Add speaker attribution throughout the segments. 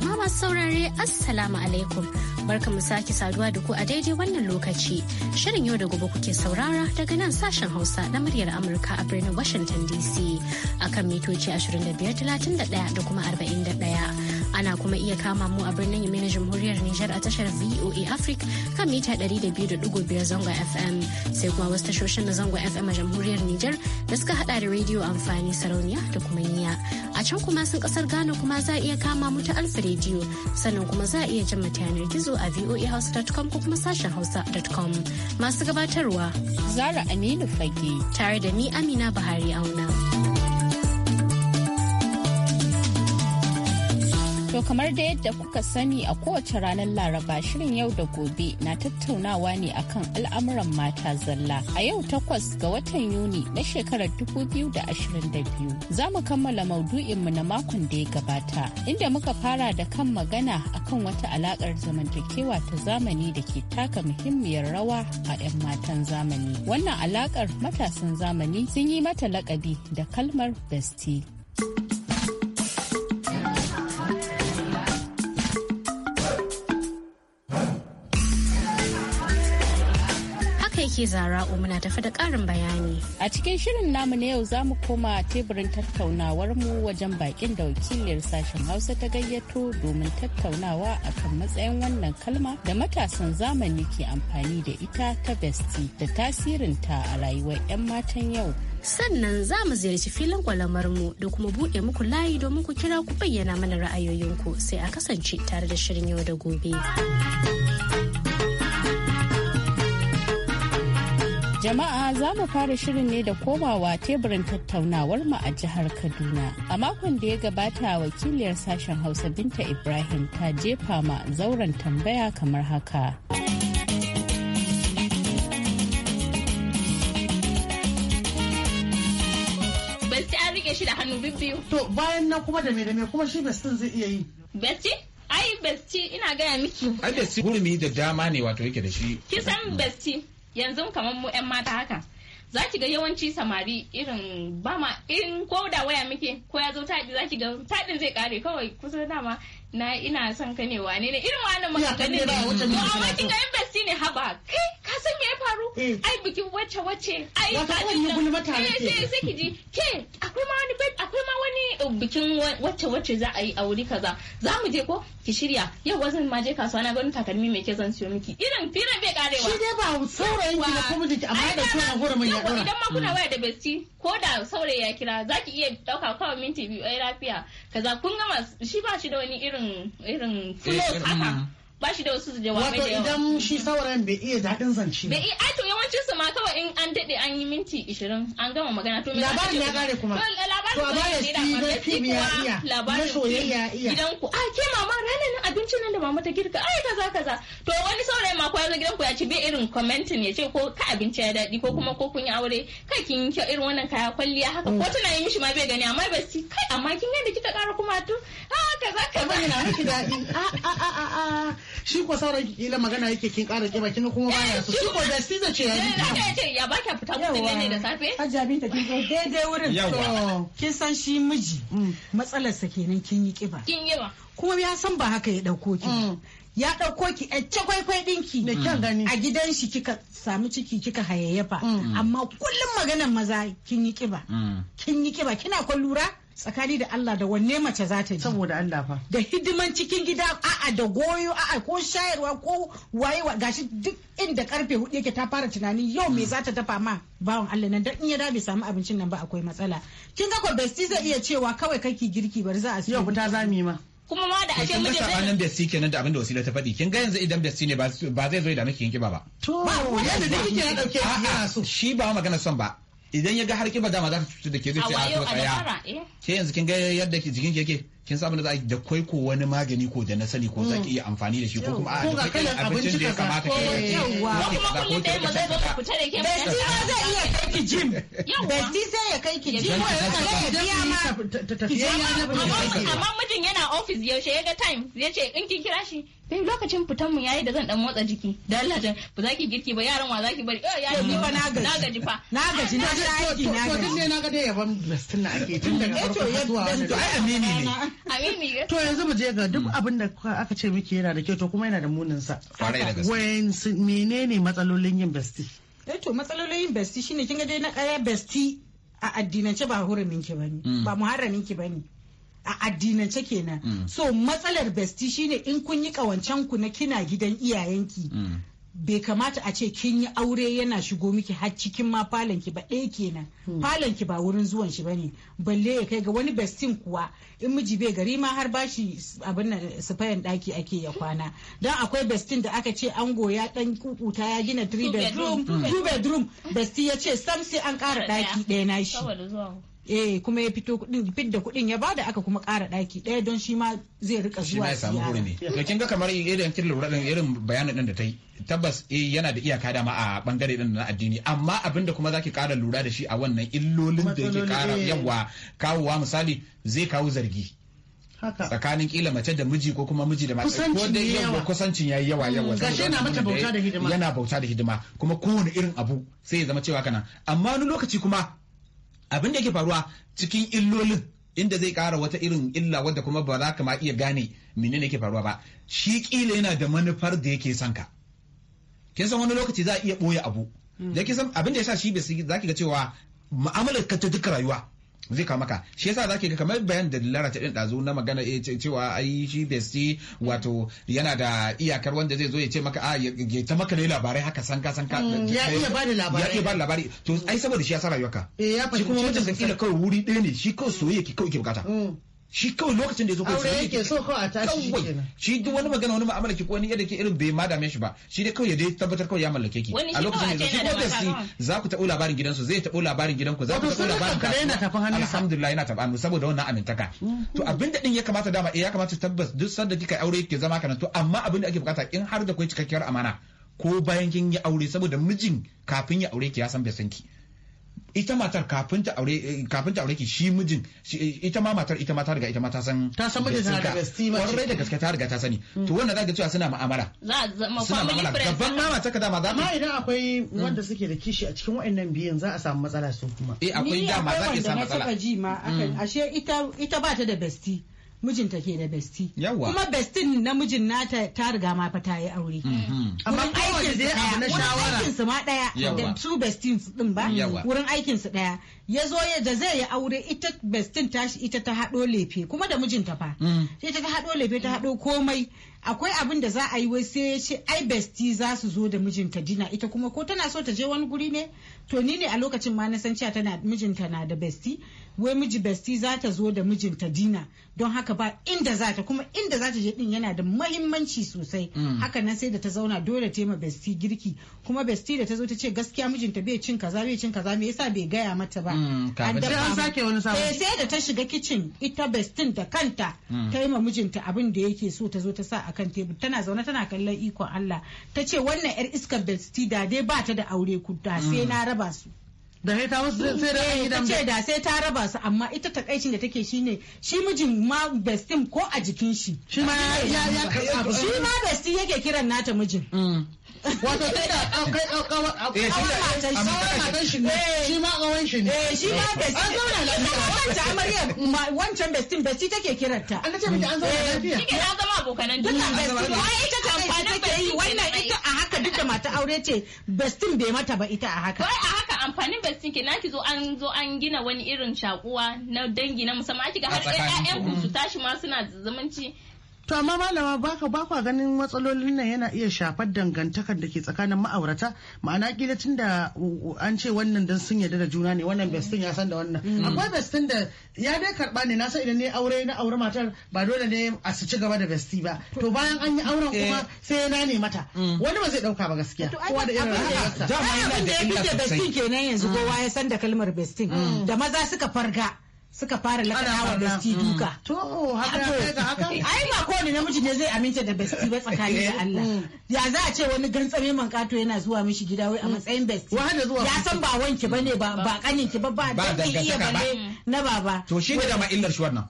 Speaker 1: Jama'a masu saurare Assalamu alaikum. Barka mu sake saduwa da ku a daidai wannan lokaci. Shirin yau da gobe kuke saurara daga nan sashen Hausa na muryar Amurka a birnin Washington DC akan mitoci 31 da kuma 41. ana kuma iya kama mu a birnin yamina jamhuriyar Nijar a tashar VOA Africa kan mita 200.5 zangon FM sai kuma wasu tashoshin na zangon FM a jamhuriyar Nijar da suka hada da rediyo amfani sarauniya da kuma niya. A can kuma sun kasar Ghana kuma za a iya kama mu ta alfa rediyo sannan kuma za a iya jin mata yanar gizo a voahouse.com ko kuma sashen hausa.com masu gabatarwa. Zara Aminu
Speaker 2: Fage. Tare da ni Amina Buhari Auna. To kamar da yadda kuka sani a kowace ranar Laraba shirin yau da gobe na tattaunawa ne akan al'amuran mata zalla. A yau takwas ga watan Yuni na shekarar 2022 za mu kammala maudu'inmu na makon da ya gabata inda muka fara da kan magana akan wata alakar zamantakewa ta zamani da ke taka muhimmiyar rawa a 'yan matan zamani. Wannan alakar matasan zamani sun yi mata lakabi da kalmar bestie. ke zara muna tafi da ƙarin bayani. A cikin shirin namu na yau za mu koma teburin tattaunawar mu wajen bakin da wakiliyar sashen Hausa ta gayyato domin tattaunawa a kan matsayin wannan kalma da matasan zamani ke amfani da ita ta besti da tasirinta a rayuwar 'yan matan yau. sannan za mu ziyarci filin mu da kuma buɗe muku layi
Speaker 1: domin ku kira ku bayyana mana ra'ayoyinku sai a kasance tare da shirin yau da gobe.
Speaker 2: Jama'a za mu fara shirin ne da komawa teburin tattaunawar mu a jihar Kaduna. A makon da ya gabata wakiliyar sashen Hausa Binta Ibrahim ta jefa ma zauren tambaya kamar haka.
Speaker 3: rike shi da hannu bibbiyu. To bayan nan kuma da me da me kuma shi bestin zai iya yi. Besti? Ai besti ina gaya miki.
Speaker 4: Ai besti gurumi da dama ne wato yake da shi. Kisan
Speaker 3: besti. yanzu kamar mu 'yan mata haka za ki ga yawanci samari irin ba in ko da waya muke ko ya zo taɗi za ki ga taɗin zai kare kawai kusa dama na ina son ka ne wane ne irin wannan maganganun ne to amma kin ga investi ne haba kai san me ya faru eh. ai bikin wacce wacce ai eh, sai ki ji ke akwai ma wani akwai ma wani um, bikin wacce wacce za a yi a wuri kaza za mu je ko ki shirya yau wazan ma je kasuwa na ganin takalmi mai ke zan siyo miki irin fira bai karewa shi dai ba saurayin ki na community amma da so na hurumin ya dora idan ma kuna mm. waya da besti ko da saurayi ya kira zaki iya dauka kawai minti biyu ai lafiya kaza kun gama shi ba shi da wani irin irin eh, flow haka mm. ba shi da wasu jawabai da yawa. idan
Speaker 5: shi saurayin bai iya daɗin zance ba. Bai
Speaker 3: ai to yawancin su ma kawai in an daɗe an yi minti ishirin an gama magana to me labarin ya kare kuma. To labarin ya kare kuma ya iya na ya iya. Gidan ku a ke mama ranar nan abincin nan da mama ta girka ai kaza kaza. To wani saurayin ma ko ya zo gidan ku ya ci bai irin commenting ya ce ko ka abinci ya daɗi ko kuma ko kun yi aure kai kin yi irin wannan kaya kwalliya haka ko mm. tana yi mishi ma bai gani amma ba ci kai amma kin yadda kika kara kuma tu a kaza kaza. Abin na miki daɗi shi ko sauran
Speaker 5: ki kila magana yake kin ƙara kiba kin kuma baya eh, so shi ko da shi da ce ya ji eh, ya baki fita mutum ne da safe bin ta kin zo daidai wurin to kin san shi miji mm. Matsalar
Speaker 6: sa kenan kin yi kiba kin yi ba kuma ya san ba haka ya dauko ki mm. ya ɗauko ki a ce kwaikwai ɗinki mm. a gidan shi kika samu ciki kika hayayyafa amma kullum maganar maza kin yi kiba kin yi kiba kina kwallura? lura tsakani da Allah da wanne mace za ta yi saboda Allah fa da hidiman cikin gida a'a da goyo a'a ko shayarwa ko waye gashi duk inda karfe hudu yake ta fara tunani yau me za ta dafa ma bawan Allah nan dan in ya da bai samu abincin nan ba akwai matsala kin ga ko zai iya cewa kawai ki girki
Speaker 5: bari za a yau ta zami ma kuma ma
Speaker 6: da ake mijin zai sabanin
Speaker 4: besti kenan da abin da wasila ta faɗi kin ga yanzu idan besti ne ba zai zo da nake yin kiba ba to yadda da kike na dauke yana so shi ba magana son ba idan ya ga har kiba dama za ta cutar da ke zai ce a to ya eh. ke yanzu kin ga yadda jikin ke yake kin samu da za da kai ko wani magani ko da na sani ko za ki iya amfani da shi ko kuma a da kai abincin da ya kamata ke yawa kuma kullum da yamma zai baka fita da ke ba shi ma zai iya kai
Speaker 5: ki jim besti sai ya kai
Speaker 6: ki
Speaker 4: jim ko ya kai
Speaker 3: tafiya ma
Speaker 5: tafiya ma amma
Speaker 3: mijin yana office yaushe ya ga time zai ce in kin kira shi sai lokacin fitan mu yayi da zan dan motsa jiki da Allah ta ba za ki girki ba yaran wa za ki bari ya ni fa na gaji na gaji fa na
Speaker 5: gaji na gaji na gaji to din ne na ga dai yaban bestin na
Speaker 7: ake tun daga eh, farko zuwa wani to ai amini ne
Speaker 5: to yanzu mu je ga duk abin da aka ce miki yana da kyau to kuma yana da munin sa Wai menene matsalolin yin besti eh to matsalolin yin besti shine kinga
Speaker 6: dai na kaya besti a addinance ba hurumin ki bane mm. ba muharramin ki bane a addinance kenan mm. so matsalar besti shine in kun yi kawancen ku na kina gidan iyayenki mm. bai kamata a ce kin yi aure yana shigo miki har cikin ma falon ki ba ɗaya kenan hmm. falon ki ba wurin zuwan shi bane balle ya kai ga wani bestin kuwa in miji bai gari ma har bashi abin nan sufayan daki ake ya kwana dan akwai bestin da aka ce ango ya dan kukuta ya gina three bedroom two bedroom besti ya ce sam sai an ƙara daki ɗaya na shi eh kuma ya fito kudin fidda kudin ya bada aka kuma kara daki daya don shi ma zai rika zuwa shi ya samu ne to
Speaker 4: kin ga kamar irin kin lura din irin bayanin din da tai tabbas eh yana da iyaka dama a bangare din na addini amma abinda kuma zaki kara lura da shi a wannan illolin da yake kara eh. yawa kawowa misali zai kawo zargi Haka. tsakanin kila mace da miji ko kuma miji da mace ko da yawa kusancin yayi yawa mm, yawa gashi yana mata bauta da hidima yana bauta da hidima kuma kowane irin abu sai ya zama cewa kana amma wani lokaci kuma abin da yake faruwa cikin illolin inda zai kara wata irin illa wadda kuma ba za ka ma iya gane menene yake faruwa ba shi kila yana da manufar da yake son ka kin san wani lokaci za a iya boye abu mm. da abin da ya sa shi bai zaki ga cewa mu'amalar ka ta duka rayuwa zai kawo maka shi yasa zaki ga kamar bayan da lara ta din dazu na magana eh cewa ai shi besti wato yana da iyakar wanda zai zo ya ce maka ah, a ya ta maka ne labarai haka san ka san ka mm, ya iya eh, ba da labarai ya iya da labarai to ai saboda shi ya sa rayuwarka eh ya shi kuma mutum kila kawai wuri ɗaya ne shi kawai soyayya ki kawai ki bukata mm. shi kawai lokacin da ya zo kai aure yake so kawai a tashi shi shi duk wani magana wani ma'amala ki ko wani yadda ke irin bai ma dame shi ba shi dai kawai ya dai tabbatar kawai ya mallake ki a lokacin da ya zo shi kawai obviously za ku taɓo labarin gidansu zai taɓo labarin gidanku za ku taɓo labarin ka yana tafi hannu alhamdulillah yana tafi hannu saboda wannan amintaka to abin da din ya kamata dama eh ya kamata tabbas duk sanda kika aure ki zama kana to amma abin da ake bukata in har da kai cikakkiyar amana ko bayan kin yi aure saboda mijin kafin ya aure ki ya san bai san ki ita matar kafin ta aure eh, kafin ta aure ki shi mijin eh, ita ma matar ita ma ta riga ita ma ta san ta san mijin ta riga stima kwarai da gaske ta riga ta sani mm. to wannan zaka cewa suna mu'amala
Speaker 3: za a zama family friend
Speaker 4: gaban ma matar ka dama za amma idan akwai mm. wanda suke da kishi a cikin wayannan biyan za a
Speaker 5: samu matsala su kuma eh akwai dama za ki samu matsala ni akwai wanda na saka ji ma akan mm. ashe ita ita ba ta da bestie
Speaker 6: mijinta ke da besti
Speaker 5: yawa
Speaker 7: kuma
Speaker 6: bestin namijin nata ta riga ma fa ta yi aure mhm.
Speaker 7: mm-hmm. amma
Speaker 6: kowace dai abu na shawara aikin su ma daya da su bestin su din ba wurin aikin su daya ya zo ya da zai yi aure ita bestin tashi ita ta hado lefe kuma da mijinta fa mm. sai ta hado lefe ta hado komai akwai abin da za a yi wai sai ya ce ai besti za su zo da mijinta dina ita kuma ko tana so ta je wani guri ne to ni ne a lokacin ma na san cewa tana mijinta na da besti wai miji besti za ta zo da mijinta dina don haka ba inda za ta kuma inda za ta je din yana da mahimmanci sosai mm. haka nan sai da ta zauna dole ta yi ma besti girki kuma besti da ta zo ta ce gaskiya mijinta bai cin kaza bai cin kaza me yasa bai gaya mata ba mm, an eh, sai da ta shiga kicin ita bestin da kanta mm. ta yi ma mijinta abin da yake so ta zo ta sa a kan tebur tana zaune tana kallon ikon Allah ta ce wannan yar iskar besti da dai ba ta da aure ku da sai na raba su da sai ta wasu sai da an eh, gidan ce da sai ta raba su amma ita takaicin da take shine shi mijin ma bestin ko a jikin shi shi ma ya shi ma bestin yake kiran nata mijin mm. wato sai da akwai kawar eh, matan shi ne shi ma kawan shi ne eh shi ma besti eh, an zauna lafiya wancan amarya wancan bestin besti take kiranta an ce miki an zauna eh. lafiya kike na zama abokanan duka besti ai ita ta amfanin besti wannan ita a haka duka mata aure ce bestin bai mata ba ita a haka wai a
Speaker 3: haka amfanin bestin ke naki zo an zo an gina wani irin shakuwa na dangi na musamman kika har ƴaƴan ku su tashi ma suna zumunci
Speaker 5: To amma malama baka bakwa ganin matsalolin nan yana iya shafar dangantakar da ke tsakanin ma'aurata ma'ana kila tun da an ce wannan dan sun yarda da juna ne wannan bestin ya san da wannan mm. akwai bestin da ya dai karba ne na san idan ne aure na aure matar ba dole ne a su ci gaba da besti ba to bayan an yi auren kuma eh. sai na ne mata mm. wani ba zai dauka ba gaskiya kowa da irin rayuwarsa da ya fice bestin kenan yanzu kowa mm.
Speaker 6: ya san da kalmar bestin da maza suka farga suka fara lakawa besti mm. duka.
Speaker 5: To, haka haka. ya ai ba
Speaker 6: kowane namiji ne zai aminta da besti ba tsakani da eh, Allah. Mm. Ya za a ce wani gantsame man kato yana zuwa mishi gida wai a mm. matsayin besti. Ya san ba wanki ne ba ba kanin ki ba ba da iya ne na baba. To shi ne da ma illar
Speaker 4: shi wannan.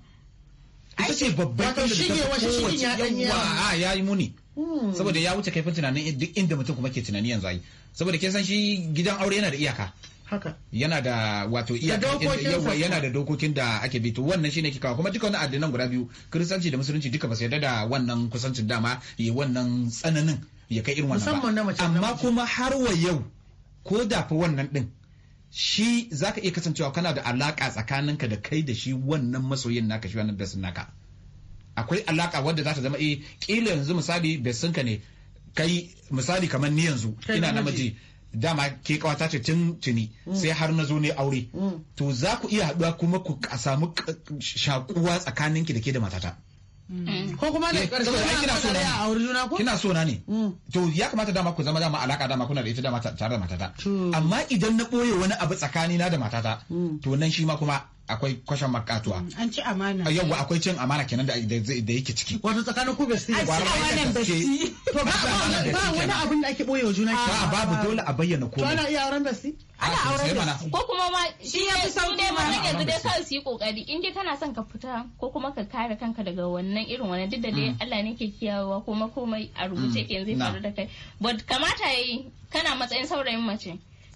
Speaker 4: Ita ce babban illar ya ta kowace ya yi muni. Saboda ya wuce kaifin tunanin duk inda mutum kuma ke tunani yanzu ai. Saboda kin san shi gidan aure yana da iyaka. haka yana da wato iya eh, yana da dokokin da ake bi to wannan shine kika kuma duka wannan addinan guda biyu kristanci da musulunci duka ba su yarda da wannan kusancin dama ya wannan tsananin ya kai irin wannan ba amma kuma har wa yau ko da fa wannan din shi zaka iya kasancewa kana da alaka tsakaninka da kai da shi wannan masoyin naka shi wannan besin naka akwai alaka wadda za ta zama eh kila yanzu misali besinka ne kai misali kamar ni yanzu ina namiji dama ke kawata ce tun tuni sai har na zo ne aure mm. to za ku iya haɗuwa kuma ku samu shakuwa tsakaninki da ke da matata
Speaker 5: Mm. ko kuma eh, ne ƙarshe ai kina so na kina so ne mm.
Speaker 4: to ya kamata dama ku zama dama alaka dama kuna da ita dama tare da matata amma idan na boye wani abu tsakani na da matata mm. to nan shi ma kuma akwai kwashen makatuwa
Speaker 6: an ci amana ah, yau akwai
Speaker 4: cin amana kenan da da yake ciki wato tsakanin ku besti ne gwara mai besti to ba ba wani abin da ake boye wa juna ba babu dole a bayyana komai to ana iya auren besti
Speaker 3: ana auren besti ko shi ya fi sauki ma yanzu dai kawai su yi kokari in dai kana son ka fita ko kuma ka kare kanka daga wannan irin wannan duk da dai mm. Allah ne ke kiyawa kuma komai a rubuce mm. ke zai faru da kai but kamata yayi kana matsayin saurayin mace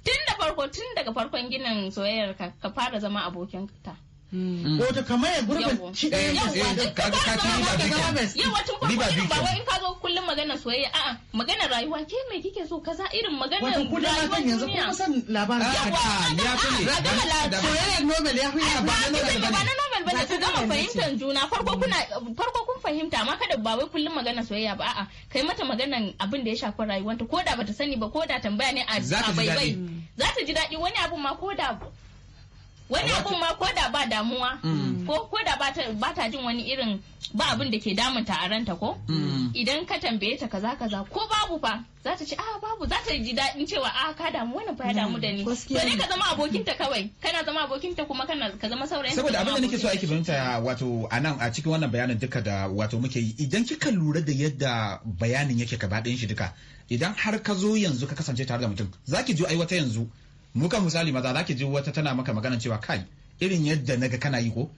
Speaker 3: tun da farko tun daga farkon ginin soyayyar ka ka fara zama abokin ta
Speaker 5: Mm. wato kamar ya gurbin shi ɗaya yawa
Speaker 4: ka ka ci riba bi yawa tun farko ba
Speaker 3: wai in ka zo kullum magana soyayya a'a magana rayuwa ke mai kike so kaza irin magana wato ku da matan yanzu kuma san labarin yawa ya fi ne soyayya nobel ya fi ne ba na nobel ba na nobel ba ku gama fahimtar juna farko kuna farko kun fahimta amma kada ba wai kullum magana soyayya ba a'a kai mata maganan abin da ya shafi rayuwanta ko da bata sani ba ko da tambaya ne a bai za ta ji daɗi wani abu ma ko da wani abun ma ko da ba damuwa mm. ko ko da ba ta jin wani irin ba abin da ke damunta a ranta ko mm. idan ka tambaye ta kaza kaza ko babu fa za ta ce a ah, babu za ta ji daɗin cewa a ah, ka damu wani fa ya damu da ni mm. to ne ka zama abokinta kawai kana zama abokinta kuma kana ka zama saurayin saboda abin da nake so ake
Speaker 4: fahimta wato a nan a cikin wannan bayanin duka da wato muke yi idan kika lura da yadda bayanin yake gaba ɗayan shi duka idan har ka zo yanzu ka kasance tare da mutum za ki ji aiwata yanzu mu kan misali maza zaki ji wata tana maka magana cewa kai irin yadda naga kana yi ko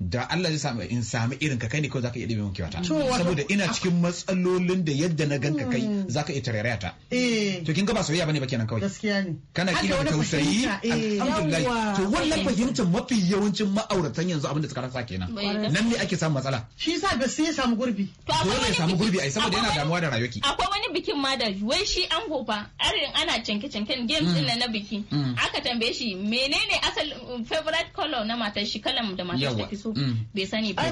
Speaker 4: da Allah zai samu in sami irin ka kai ne kawai zaka iya ɗebe min kyauta saboda ina cikin matsalolin da yadda na ganka kai hmm. zaka iya tarairaya ta
Speaker 5: eh. to
Speaker 4: kin ga ba soyayya bane ba kenan kawai gaskiya ne kana ki da tausayi eh, alhamdulillah to wannan fahimtar mafi yawancin ma'auratan yanzu abin da suka rasa kenan nan ne ake samun matsala
Speaker 3: shi yasa ga sai ya samu gurbi dole ya
Speaker 4: samu gurbi ai saboda yana damuwa da rayuwarki
Speaker 3: akwai wani bikin ma da wai shi an gofa arin ana cinke cinke games hmm. din na biki hmm. aka tambaye shi menene asal favorite color na matar shi kalam da matar shi su mm. bai sani ba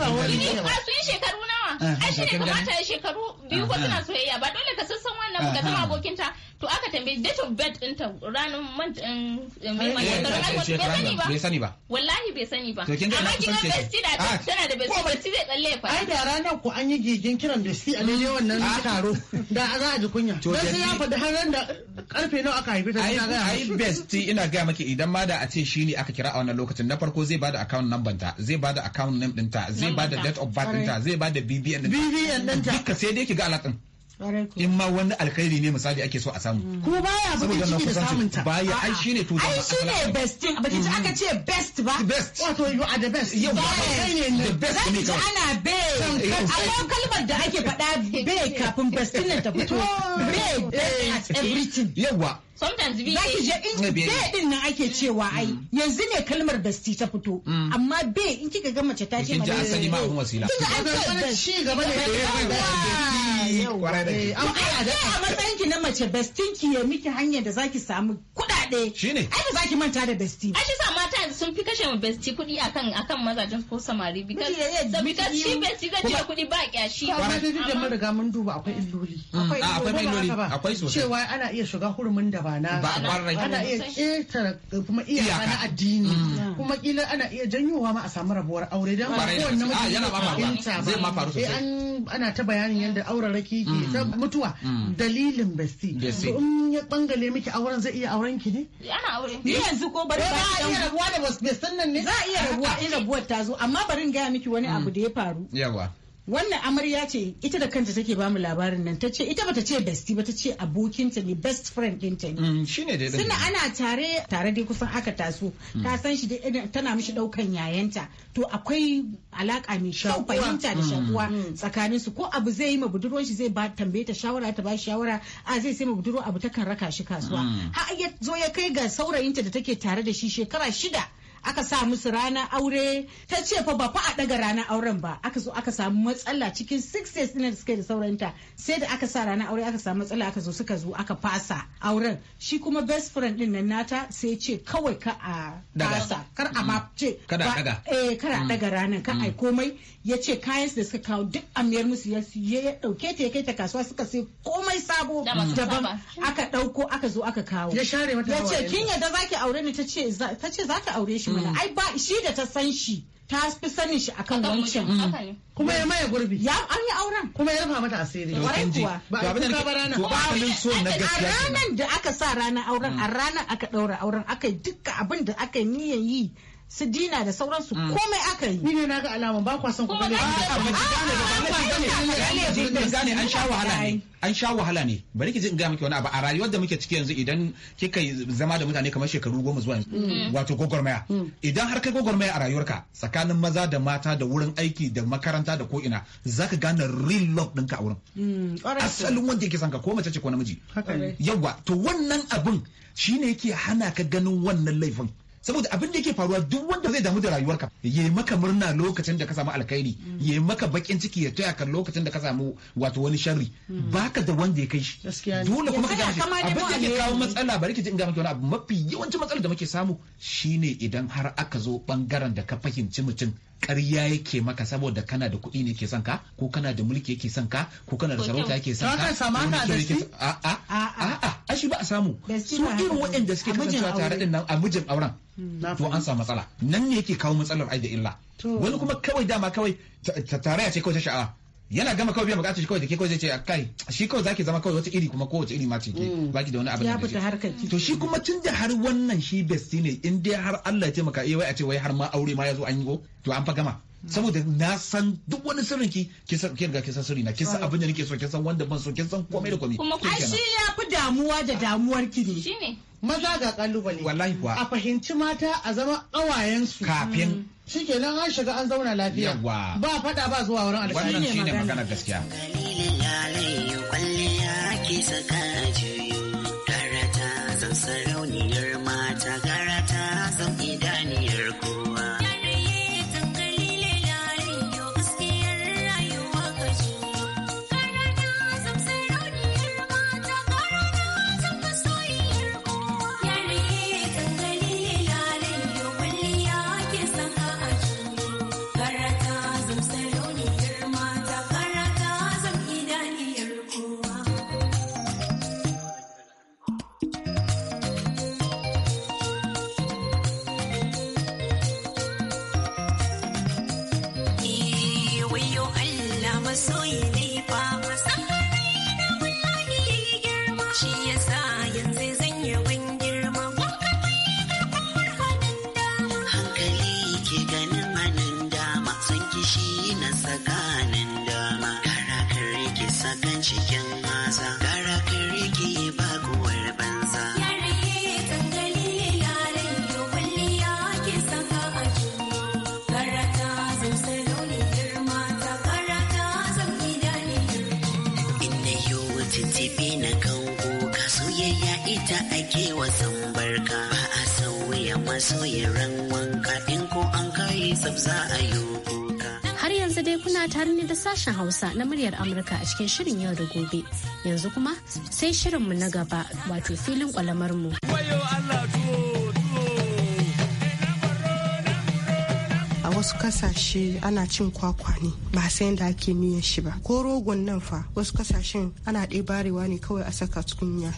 Speaker 3: sun shekaru na ai shi ne kamata shekaru biyu ko ah, tana ah. soyayya ba dole ka san wannan ka zama ah, abokin ta. to aka tambaye date of birth ɗinta ranar man mai eh, mai eh, ba bai sani ba wallahi bai sani ba to kin ga amma kin ga besti da tana da besti besti zai tsalle fa ai da ranar
Speaker 5: ku an yi gigin kiran besti a ne yawan nan taro da za a ji kunya dan sai ya faɗi har da karfe nawa aka haife ta ina ga ai
Speaker 4: besti ina ga maki idan ma da a ce shi ne aka kira a wannan lokacin na farko zai bada account number ta zai bada account name ta, zai bada date of birth ta, zai bada bibiyan bibiyan ta duka sai dai ki ga alaƙan in ma wani alkhairi ne misali ake so a samu hmm. kuma baya bude ciki da samunta baya ai shine to da ai shine best
Speaker 6: din baki ji hmm. aka ce best ba best wato you are the best yau ba kai ne the best ne ka ana be amma kalmar da ake faɗa be kafin best din ta fito be best at
Speaker 4: everything yawa
Speaker 3: sometimes
Speaker 6: ba zaki je in be din nan ake cewa ai mm. yanzu ne kalmar basti ta fito mm. amma be in kika ga mace ta ce ma da asali ma abun wasila kin ga ci gaba ne an fara da a matsayin
Speaker 3: ki na mace bestin ki ya miki hanyar da zaki samu kuɗaɗe shine ai ba zaki manta da besti ai sa mata sun fi kashe ma besti kuɗi akan akan mazajen ko samari because shi besti zai cire kuɗi ba
Speaker 5: akwai illoli mm. ah, akwai sosai cewa addini kuma ana iya janyowa ma a samu rabuwar aure dan kowanne ah, mutum zai ma faru eh, sosai ana ta bayanin yadda ke mm. mutuwa mm. dalilin besti ya
Speaker 3: ni yanzu ko eh,
Speaker 4: ba
Speaker 6: da wasu bai nan ne za a iya rabuwa in rabuwar ta zo amma bari in gaya miki wani abu da ya faru yawa wannan amarya ce ita da kanta take bamu labarin nan ta ce ita bata ce besti ba ta ce abokinta ne best friend ɗinta ne mm, shine dai suna ana tare tare dai kusan aka taso ta mm. san shi dai tana mishi daukan yayanta to akwai alaka mai shau fahimta da shakuwa mm. tsakanin su ko abu zai yi ma budurwan shi zai ba tambaye ta shawara ta ba shawara a zai sai ma budurwa abu takan raka shi kasuwa har ya zo ya kai ga saurayinta da take tare da shi shekara shida aka sa musu ranar aure ta ce fa ba fa a daga ranar auren ba aka zo aka samu matsala cikin 6 days din da suke da saurayinta sai da aka sa ranar aure aka samu matsala aka zo suka zo aka fasa auren shi kuma best friend din nan nata sai ce kawai ka a fasa kar a ma ce kada daga eh kada daga mm. ranar ka ai mm. komai ya ce kayan da suka kawo duk amiyar musu ya dauke ta ya kai ta kasuwa suka sai komai sabo daban aka dauko aka zo aka kawo ya share mata ya ce kin yadda zaki aure ni ta ce ta ce za ta aure shi mana mm. ai ba shi da ta san shi ta fi sanin shi akan wancan mm. kuma ya maye gurbi ya an yi auren kuma ya rufa mata asiri kwarai kuwa ba a kuka ba rana a ranan da aka sa ranar auren a mm. ranar aka daura auren aka yi duka abin da aka niyan yi su dina da sauransu mm. komai aka yi. Ni ne na ga alama ba kwa son ku gane. A'a
Speaker 4: ba ki gane ba ba ki gane gane an sha wahala ne. An sha wahala ne. Bari ki ji in gaya miki wani abu a rayuwar da muke ciki yanzu idan kika zama da mutane kamar shekaru goma zuwa yanzu mm. Mm. wato gwagwarmaya. Idan har kai gwagwarmaya a rayuwarka tsakanin maza da mata da wurin aiki da makaranta da ko ina ka gane real love ɗinka a wurin. Asalin wanda yake son ka ko mace ce ko namiji. Yawwa to wannan abun shine yake hana ka ganin wannan laifin. saboda abin da yake faruwa duk wanda zai damu da rayuwarka ya maka murna lokacin da ka samu alkhairi ya maka bakin ciki ya taya kan lokacin da ka samu wato wani sharri hmm. baka da wanda ya kai shi dole kuma ka gashi abin da ke kawo matsala bari ki ji in ga wani abu mafi yawancin matsalar da muke samu shine idan har aka zo bangaren da ka fahimci mutum ƙarya yake maka saboda kana da kuɗi ne ke son ko kana da mulki yake son ka ko kana da sarauta yake son ka a a a shi ba a samu su irin waɗanda suke kasancewa tare da nan a mijin auren hmm. to an samu matsala nan ne yake kawo matsalar aida illa wani kuma kawai dama kawai tarayya ce kawai ta sha'awa yana gama kawai biyan bukatar shi kawai da ke kawai zai ce kai shi kawai zaki zama kawai wata iri kuma kowace iri ma ce hmm. baki da wani abin da fita harkar to shi kuma tun da har wannan shi besti ne in dai har Allah ya taimaka eh wai a ce wai har ma aure ma ya zo an yi go to an fa gama saboda na san duk wani sirrin ki kin san kin ga kin san sirri na kin san abin da nake so kin san wanda ban so kin san komai da komai kuma ai shi
Speaker 5: ya fi damuwa da damuwar ki ne shine maza ga kalubale wallahi kuwa a fahimci mata a zama kawayen su kafin hmm. shikenan an shiga an zauna lafiya ba fada ba zuwa wurin alƙali wannan shine magana
Speaker 4: gaskiya
Speaker 7: kwalliya saka zan sarau ta ake wasan barka ba a sauya masoyaran wanka in ko an kai tsab za a yi
Speaker 1: Har yanzu dai kuna tare ne da sashen Hausa na muryar Amurka a cikin shirin yau da gobe. Yanzu kuma sai shirinmu na gaba wato filin kwalamarmu.
Speaker 7: mu.
Speaker 6: wasu kasashe ana cin kwakwa ne ba sai da ake niyan shi ba ko rogon nan fa wasu kasashen ana ɗebarewa ne kawai a saka tukunya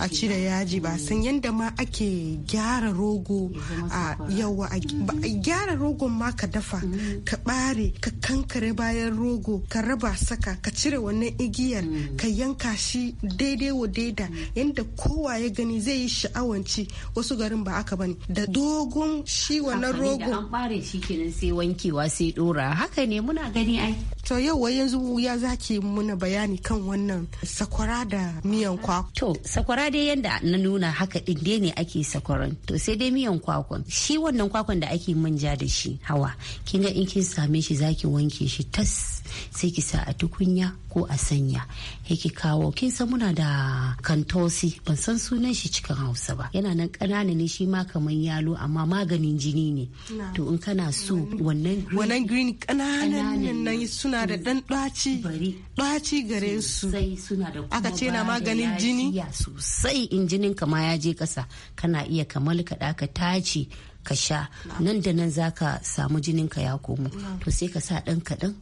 Speaker 6: a ci da yaji ba san yadda ma ake gyara rogo a yawa a gyara rogon ma ka dafa mm. ka ɓare ka kankare bayan rogo ka raba saka ka cire wannan igiyar mm. ka yanka shi daidai wa daida mm. yadda kowa ya gani zai yi sha'awanci wasu garin ba aka bane da dogon
Speaker 8: shi wannan rogo sai wankewa sai dora haka ne muna gani ai
Speaker 6: to yau wai yanzu ya zaki muna bayani kan wannan sakwara da miyan
Speaker 8: kwakwa to sakwara dai yanda na nuna haka din dai ne ake sakwaran to sai dai miyan kwakwan shi wannan kwakwan da ake manja da shi hawa kin ga in kin same shi zaki wanke shi tas sai ki sa a tukunya ko a sanya yake kawo kin san muna da kantosi ban san sunan shi cikin hausa ba yana nan ƙanana ne shi ma kamar yalo amma maganin jini ne to in kana so wannan wannan green ƙananan nan suna da dan ɗaci ɗaci gare su aka ce na maganin jini sosai in jinin ma ya je ƙasa kana iya kamar ka ka tace ka sha nan da nan zaka samu jininka ya komo to sai ka sa ɗan kaɗan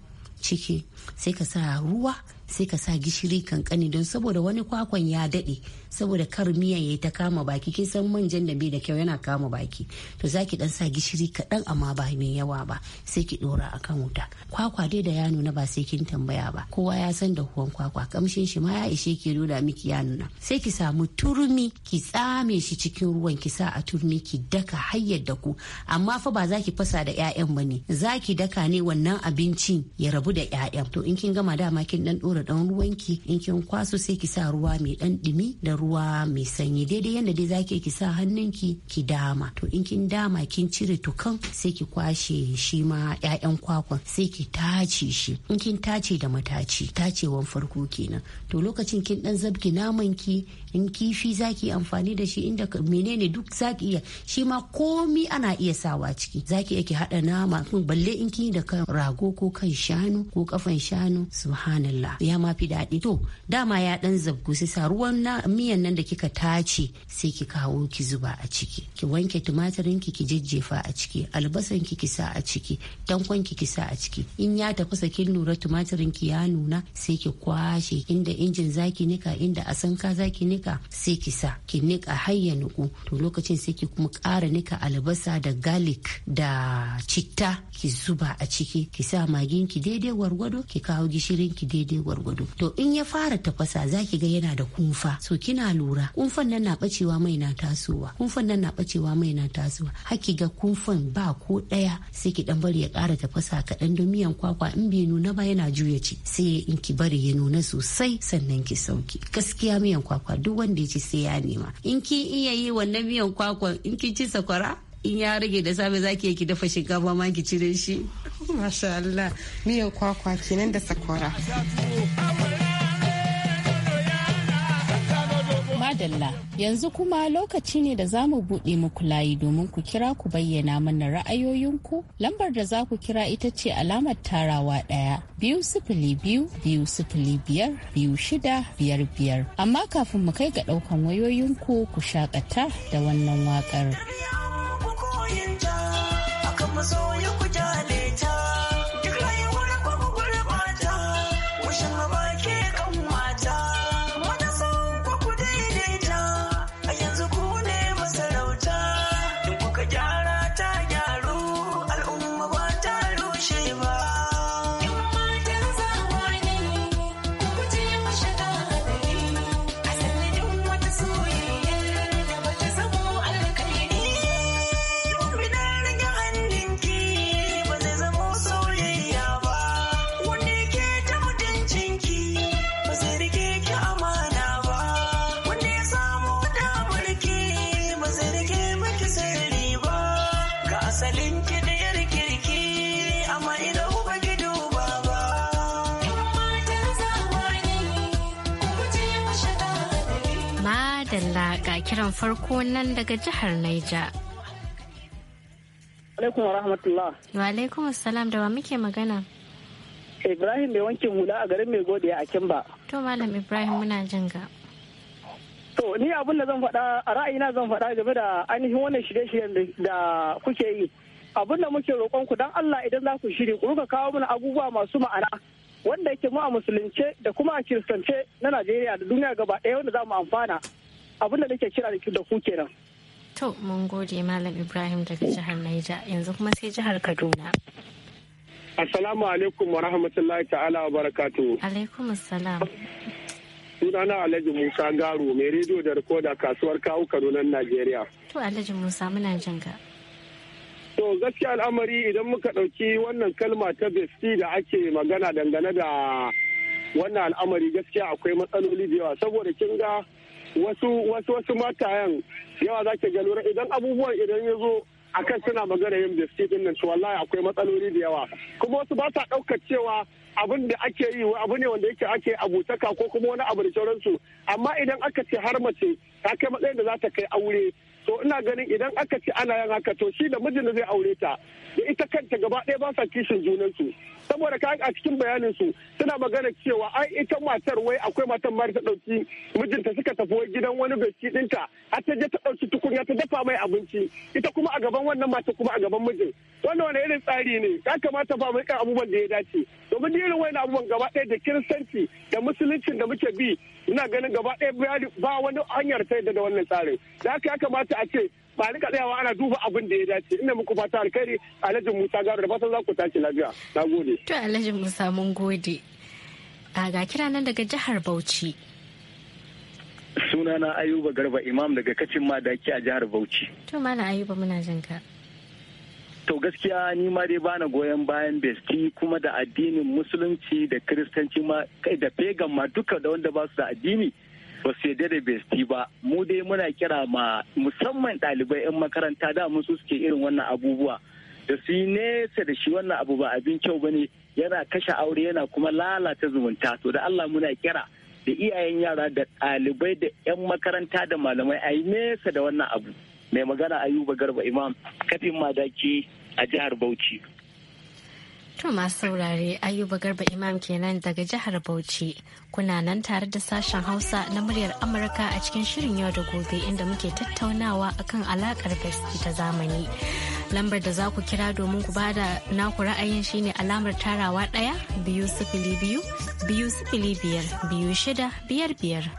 Speaker 8: ciki sai ka sa ruwa sai ka sa gishiri kankani don saboda wani kwakwan ya daɗe saboda kar miyan ya ta kama baki kin san manjan da bai da kyau yana kama baki to za ki dan sa gishiri kaɗan amma ba mai yawa ba sai ki ɗora a kan wuta kwakwa dai da ya nuna ba sai kin tambaya ba kowa ya san da huwan kwakwa kamshin shi ma ya ishe ki nuna miki ya nuna sai ki samu turmi ki tsame shi cikin ruwan ki sa a turmi ki daka hayyar da ku amma fa ba za ki fasa da 'ya'yan ba ne za ki daka ne wannan abincin ya rabu da 'ya'yan to in kin gama dama kin ɗan ɗora dan ruwanki in kin kwaso sai ki sa ruwa mai dan dumi da ruwa mai sanyi daidai yanda dai zaki ki sa hannunki ki dama to in kin dama kin cire tukan sai ki kwashe shi ma ƴaƴan kwakwan sai ki tace shi in kin tace da mataci tacewan farko kenan to lokacin kin dan zabki naman ki in kifi zaki amfani da shi inda menene duk zaki iya shi ma komi ana iya sawa ciki zaki iya ki hada nama balle in kin da kan rago ko kan shanu ko kafan shanu subhanallah naku ya mafi daɗi to dama ya ɗan zabgu sai sa ruwan na miyan nan da kika tace sai ki kawo ki zuba a ciki ki wanke tumatirin ki ki jejjefa a ciki albasan ki ki sa a ciki dankon ki ki sa a ciki in ya tafasa kin lura tumatirin ki ya nuna sai ki kwashe inda injin zaki nika inda asanka zaki nika sai ki sa ki nika har ya nuku to lokacin sai ki kuma ƙara nika albasa da garlic da citta ki zuba a ciki ki sa magin ki daidai gwargwado ki kawo gishirin ki daidai gwargwado to in ya fara tafasa zaki ga yana da kumfa so kina lura kumfan nan na bacewa mai na tasowa kumfan nan na bacewa mai na tasowa haki ga kumfan ba ko daya sai ki dan bari ya kara tafasa kaɗan don miyan kwakwa in bai nuna ba yana juya ci sai in ki bari ya nuna sosai sannan ki sauki gaskiya miyan kwakwa duk wanda ya ci sai ya nema in ki iya yi wannan miyan kwakwa in ki ci sakwara in ya rage da safe za ki ki dafa shinkafa ma ki cire shi. Masha Allah, miyar kwakwa
Speaker 2: kenan da sakwara. Madalla, yanzu kuma lokaci ne da za mu buɗe muku layi domin ku kira ku bayyana mana ra'ayoyinku. Lambar da za ku kira ita ce alamar tarawa ɗaya, biyu sifili biyu, biyu sifili biyar, biyu shida biyar biyar. Amma kafin mu kai ga ɗaukan wayoyinku ku shakata da wannan waƙar.
Speaker 7: aka akan masoyin ku
Speaker 1: ga kiran farko nan daga jihar Naija.
Speaker 3: Alaikum wa rahmatullah. Wa alaikum
Speaker 1: salam da wa muke magana.
Speaker 5: Ibrahim mai wankin hula a garin mai godiya a Kimba.
Speaker 1: To Malam Ibrahim muna jin ga.
Speaker 9: To ni abin da zan faɗa a ra'ayina zan faɗa game da ainihin wannan shirye-shiryen da kuke yi. Abin da muke roƙon ku dan Allah idan za ku shiri ku ruka kawo mana abubuwa masu ma'ana wanda yake mu a musulunce da kuma a kiristance na Najeriya da duniya gaba ɗaya wanda za mu amfana. abin da nake kira da ku kenan
Speaker 1: to mun gode malam ibrahim daga jihar naija yanzu kuma sai jihar kaduna
Speaker 9: assalamu alaikum wa rahmatullahi ta'ala wa barakatuhu
Speaker 1: alaikum assalam
Speaker 9: sunana Alhaji Musa Garu mai rediyo da rikoda kasuwar kawo Kaduna Najeriya.
Speaker 1: To Alhaji Musa muna jin ka.
Speaker 9: To gaskiya al'amari idan muka ɗauki wannan kalma ta besti da ake magana dangane da wannan al'amari gaskiya akwai matsaloli da yawa saboda kin ga wasu wasu wasu matayan yawa za ga lura idan abubuwan idan ya zo a kan suna magana yin da din nan to wallahi akwai matsaloli da yawa kuma wasu ba sa ɗaukar cewa abin da ake yi abu ne wanda yake ake abutaka ko kuma wani abu da sauransu amma idan aka ce har mace ta kai matsayin da za ta kai aure to ina ganin idan aka ci ana yin haka to shi da mijin da zai aure ta da ita kanta gaba ɗaya ba sa kishin junansu saboda kayan a cikin bayanin su suna magana cewa ai ita matar wai akwai matar mari ta ɗauki mijinta suka tafi wai gidan wani baki ɗinta a ta je ta ɗauki tukunya ta dafa mai abinci ita kuma a gaban wannan mata kuma a gaban mijin wannan wani irin tsari ne ya kamata ba mai kan abubuwan da ya dace domin irin wani abubuwan gaba ɗaya da kiristanci da musuluncin da muke bi ina ganin gaba ɗaya ba wani hanyar ta yadda da wannan tsarin da haka ya kamata ta a ce ba ni tsayawa ana duba abin da ya dace ina muku fata alkhairi alhaji musa garo da fatan za ku tashi lafiya na gode
Speaker 1: to alhaji musa mun gode a ga kira nan daga jihar bauchi
Speaker 9: sunana ayuba garba imam daga kacin madaki a jihar bauchi
Speaker 1: to mana ayuba muna jin ka
Speaker 9: to gaskiya ni ma dai bana goyon bayan besti kuma da addinin musulunci da kiristanci ma kai da fegan ma duka da wanda ba su da addini ba su yadda da besti ba mu dai muna kira ma musamman ɗalibai 'yan makaranta da su suke irin wannan abubuwa da su yi nesa da shi wannan abu ba abin kyau ba ne yana kashe aure yana kuma lalata zumunta to da allah muna kira da iyayen yara da ɗalibai da 'yan makaranta da malamai a yi nesa da wannan abu mai magana ayuba garba imam kafin madaki a jihar bauchi
Speaker 1: To masu saurare Ayuba Garba Imam kenan daga jihar Bauchi. Kuna nan tare da sashen Hausa na muryar Amurka a cikin shirin yau da gobe inda muke tattaunawa akan alakar gaske ta zamani. Lambar da za ku kira domin ku ba da naku ra'ayin shine alamar tarawa ɗaya biyu sifili biyu biyu sifili biyar biyu shida biyar biyar.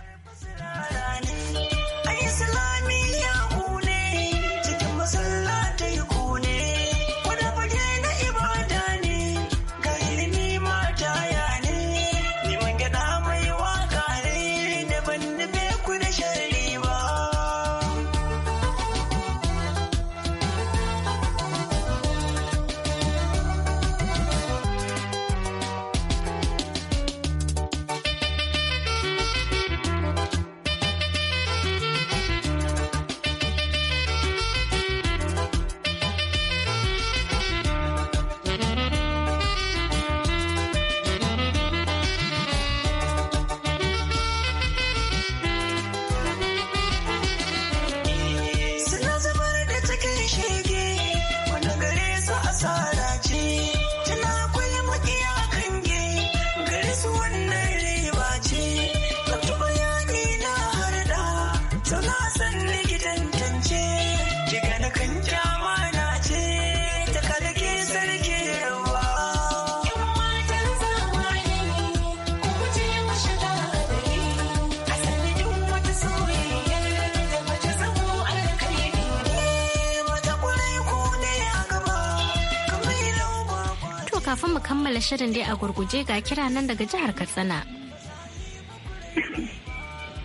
Speaker 1: kafin mu kammala shirin dai a gurguje ga kira nan daga jihar Katsina.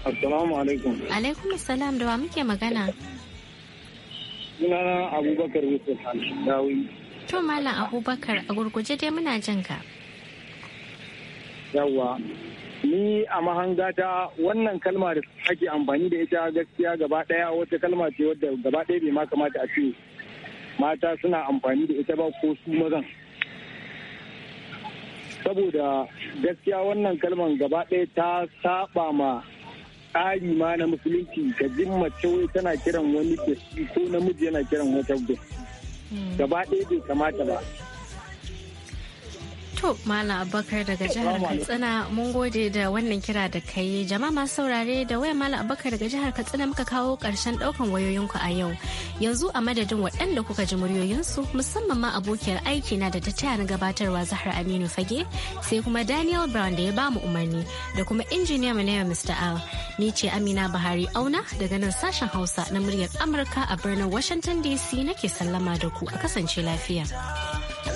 Speaker 9: Assalamu alaikum.
Speaker 1: Alaikum assalam da wa muke magana.
Speaker 9: Sunana Abubakar Yusuf Dawi.
Speaker 1: To Malam Abubakar a gurguje dai muna jin ka.
Speaker 9: yawa Ni a mahangata wannan kalma da ake amfani da ita gaskiya gaba daya wata kalma ce wadda gaba daya bai ma kamata a ce mata suna amfani da ita ba ko su mazan. saboda gaskiya wannan kalman gaba ɗaya ta saba ma tsari ma na musulunci ga jimma wai tana kiran wani ko namiji yana kiran wata hmm. gaba ɗaya bai kamata ba
Speaker 1: To Mala Abakar daga jihar Katsina mun gode da wannan kira da kai jama'a masu saurare da waya Mala Abakar daga jihar Katsina muka kawo karshen daukan wayoyinku a yau. Yanzu a madadin waɗanda kuka ji muryoyinsu musamman ma abokiyar aiki na da ta taya na gabatarwa Zahra Aminu Fage sai kuma Daniel Brown da ya ba mu umarni da kuma injiniya mu na Mr. Al. Ni ce Amina Bahari Auna daga nan sashen Hausa na muryar Amurka a birnin Washington DC nake sallama da ku a kasance lafiya.